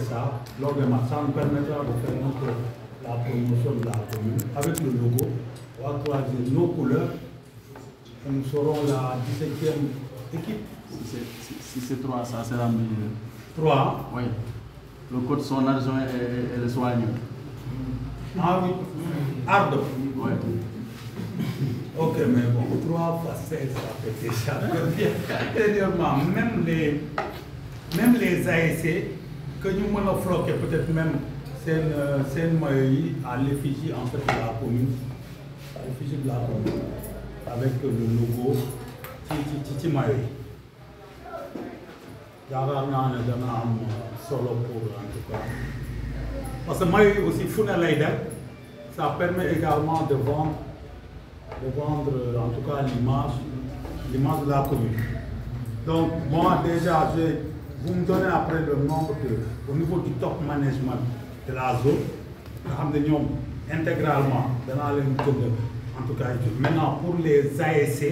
ça, lors ça nous permettra de faire notre, la promotion de la commune avec le logo. On va croiser nos couleurs nous serons la 17e équipe. Si c'est 3, ça sera mieux. 3 Oui. Le code son argent et, le soigne. Ah oui, ardo. Oui. Ok, mais bon, 3 fois 16, ça fait déjà bien. même les, même les ASC que nous mën la peut-être même c'est une maillot à l'effigie en fait de la commune l'effigie de la avec le logo titi ci ci maillot yi yaakaar un solo pour en tout cas parce que maillot aussi fou ne ça permet également de vendre de vendre en tout cas l'image l'image de la commune donc moi déjà j'ai vous me donnez après le nombre de au niveau du top management de la zone intégralement en tout cas maintenant pour les ASC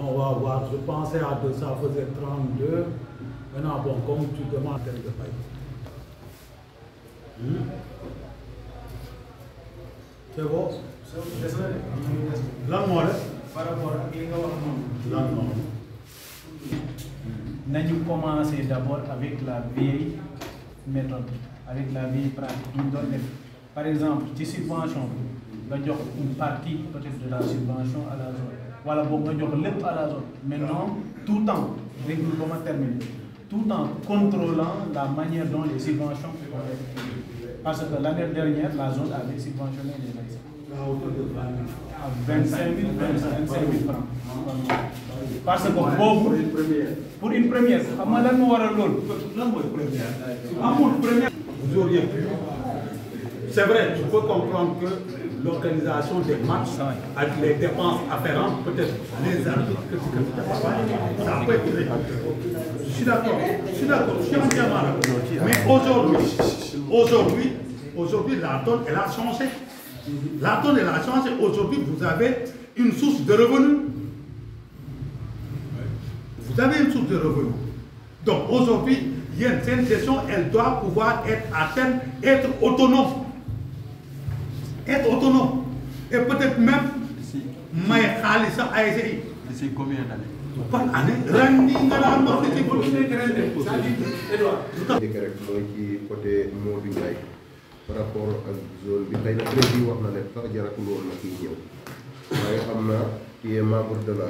on va voir je pensais à deux ça faisait 32 maintenant bon comme tu demandes de c'est bon c'est bon. par rapport à li nous commencer d'abord avec la vieille méthode avec la vieille pratique par exemple des subventions, on une partie peut-être de la subvention à la zone Voilà on nga jox à la zone maintenant tout temps tout en contrôlant la manière dont les subventions sont parce que l'année dernière la zone avait subventionné les maïs la 25 000, francs. parce que pour une première Pour une première. Vous auriez c'est vrai tu peux comprendre que l'organisation des matchs avec les dépenses afférentes peut-être les arbitres ça peut être je suis d'accord je suis d'accord je suis entièrement d'accord mais aujourd'hui aujourd'hui aujourd'hui la donne elle a changé. La donne de la chance, aujourd'hui, vous avez une source de revenus. Vous avez une source de revenus. Donc aujourd'hui, il y a une elle doit pouvoir être atteinte, être autonome. Être autonome. Et peut-être même, mais Khalissa ASI. C'est combien d'années Ban année ren Edouard. li nga rek mooy ci côté par rapport ak zone bi xëy na président wax na ne sax jaratul woon na kii ñëw waaye am na qui est membre de la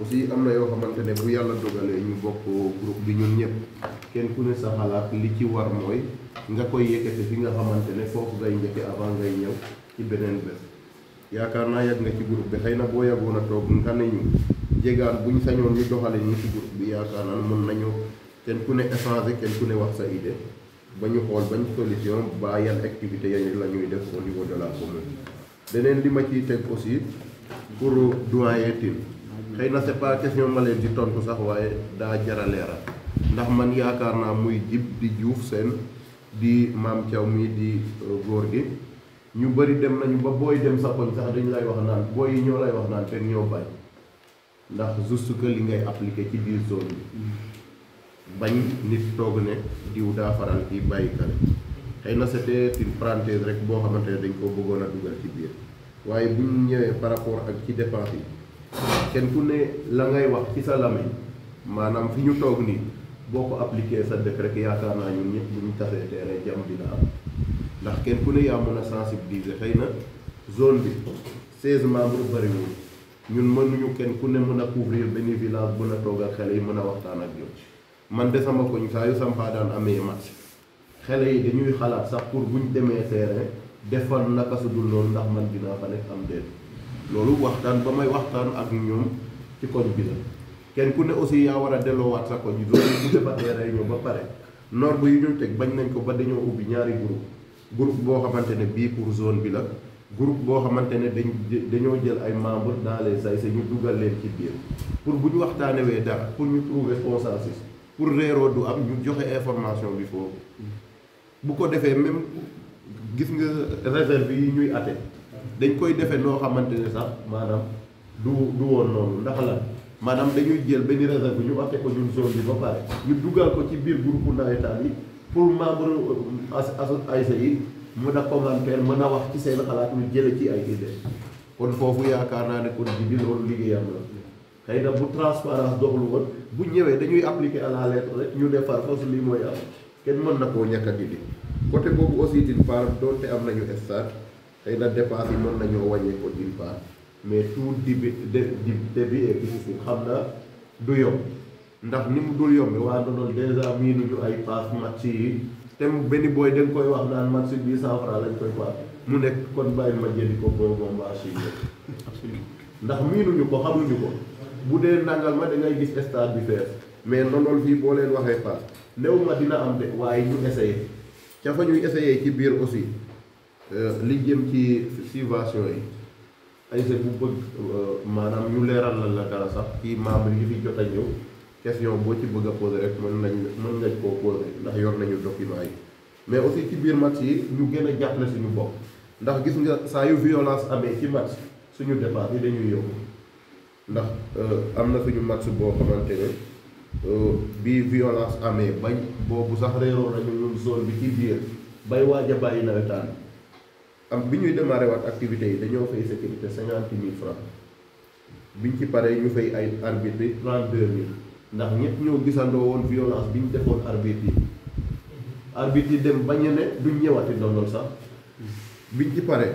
aussi am na yoo xamante ne bu yàlla dogalee ñu bokk groupe bi ñun ñëpp kenn ku ne sa xalaat li ci war mooy nga koy yëkkati fi nga xamante ne foofu ngay njëkke avant ngay ñëw ci beneen bés yaakaar naa yàgg nga ci groupe bi xëy na boo yàggoon a toog nga ne ñu jégaan buñ sañoon ñu doxale ñu ci groupe bi yaakaar naa mën nañu kenn ku ne échanger kenn ku ne wax sa bañu ñu xool bañ solution ba yan activité yañ la ñuy def au niveau de la commune leneen li ma ciy teg aussi pour doyen Tine xëy na c'est pas question ma leen di tontu sax waaye daa jara leeral ndax man yaakaar naa muy jib di juuf seen di maam Thiaw mi di euh, góor gi ñu bari dem nañu ba booy dem sa koñ sax dañu lay wax naan booy yi ñoo lay wax naan te ñoo bañ ndax juste que li ngay appliqué ci biir zone bi bañ nit toog ne diw daa faral di bàyyi kale xëy na c'était une rek boo xamante ne dañ ko bëggoon a dugal ci biir waaye bu ñu ñëwee par rapport ak ci dépense yi kenn ku ne la ngay wax ci sa lamiñ maanaam fi ñu toog nii boo ko appliqué sa dëkk rek yaakaar naa ñun ñëpp bu ñu tasee teere jàmm dina am ndax kenn ku ne yaa mën a sensibiliser xëy na zone bi 16 membres bëriwul ñun mënuñu kenn ku ne mën a couvrir benn village mën a toog ak xale mën a waxtaan ak ñoom. man de sama koñ saa yu sampaa daan amee match xale yi dañuy xalaat sax pour buñ demee terrain defal naka su dul noonu ndax man dinaa fa nekk am déet loolu waxtaan ba may waxtaan ak ñoom ci koñ bi la kenn ku ne aussi yaa war a delloowaat sa koñ yi doon bu defatee réunion ba pare norme yi ñu teg bañ nañ ko ba dañoo ubbi ñaari groupe groupe boo xamante ne bii pour zone bi la groupe boo xamante ne dañ dañoo jël ay membres dans les ay sa ñu dugal leen ci biir pour bu ñu waxtaanewee dara pour ñu trouver consensus pour réeroo du am ñu joxe information bi foofu bu ko defee même gis nga réserve yi ñuy atte dañ koy defee noo xamante ne sax maanaam du du woon noonu ndax la maanaam dañuy jël benn réserve ñu ate ko ñun zone bi ba pare ñu dugal ko ci biir groupe nawetaan yi pour membre ASC yi mën a commentaire mën a wax ci seen xalaat ñu jële ci ay idée kon foofu yaakaar naa ne kon ji bi loolu liggéeyam la xëy na bu transparence doxlu woon bu ñëwee dañuy appliquer à la lettre ñu ne par force lii mooy am kenn mën na koo ñàkk a dindi côté boobu aussi d'une part doonte am nañu stade xëy na dépense yi mën nañoo wàññee ko d'une part mais tout début début et difficile xam na du yomb ndax ni mu dul yomb waa Ndondol dèjà miinuñu ay pass match yi te benn booy da koy wax naan match bi cent francs lañ koy pass mu nekk kon bàyyi ma jëndi ko booy yi chine ndax miinuñu ko xamuñu ko bu dee nangal ma da ngay gis stade bi fees mais nonol fii boo leen waxee paas néew ma dina am de waaye ñu essayé ca ñuy essayé ci biir aussi euh, li jëm ci subvention yi ay bu bëgg euh, maanaam ñu leeral la la dara sax kii membre yi fi jot a ñëw question boo ci bëgg a posé rek mën nañ mën nañ koo posé ndax yor nañu document yi mais aussi ci biir match yi ñu gën a jàppale suñu bopp ndax gis nga saa yu violence amee ci match suñu dépense yi dañuy yóbbu ndax euh, am na fi ñu match boo xamante ne euh, bii violence amee bañ boobu sax réeroo nañu ñun zone bi ci biir bay waaj a bàyyi nawetaan am bi ñuy démarré waat activités yi dañoo fay sécurité cinquante mille franc biñ ci paree ñu fay ay arbitre yi trente deux mille ndax ñëpp ñoo gisandoo woon violence bi ñu defoon arbitre yi arbitre yi dem bañ a ne duñ ñëwaati ndondol sax biñ ci paree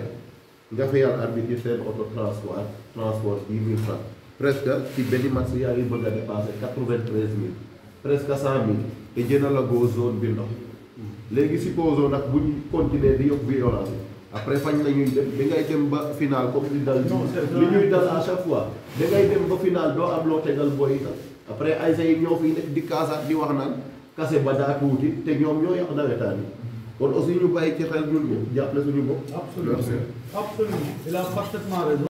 nga fayal arbitre yi seen auto transport transport dix mille franc presque ci benn match yaa ngi bëgg a dépassé quatre-vingt-treize mille presque cent mille te jënalagoo zone bi ndox léegi supposons nag bu ñu continuer di yokk violence bi après fañ na dem da ngay dem ba final comme li dal li ñuy dal à chaque fois da ngay dem ba final doo am loo tegal booy itam après ay say ñoo fi nekk di kaasaat di wax naan kase ba daa tuuti te ñoom ñoo yàq nawetaan yi kon aussi ñu bàyyi ci xel ñun ñu jàppale suñu bopp a parfaitement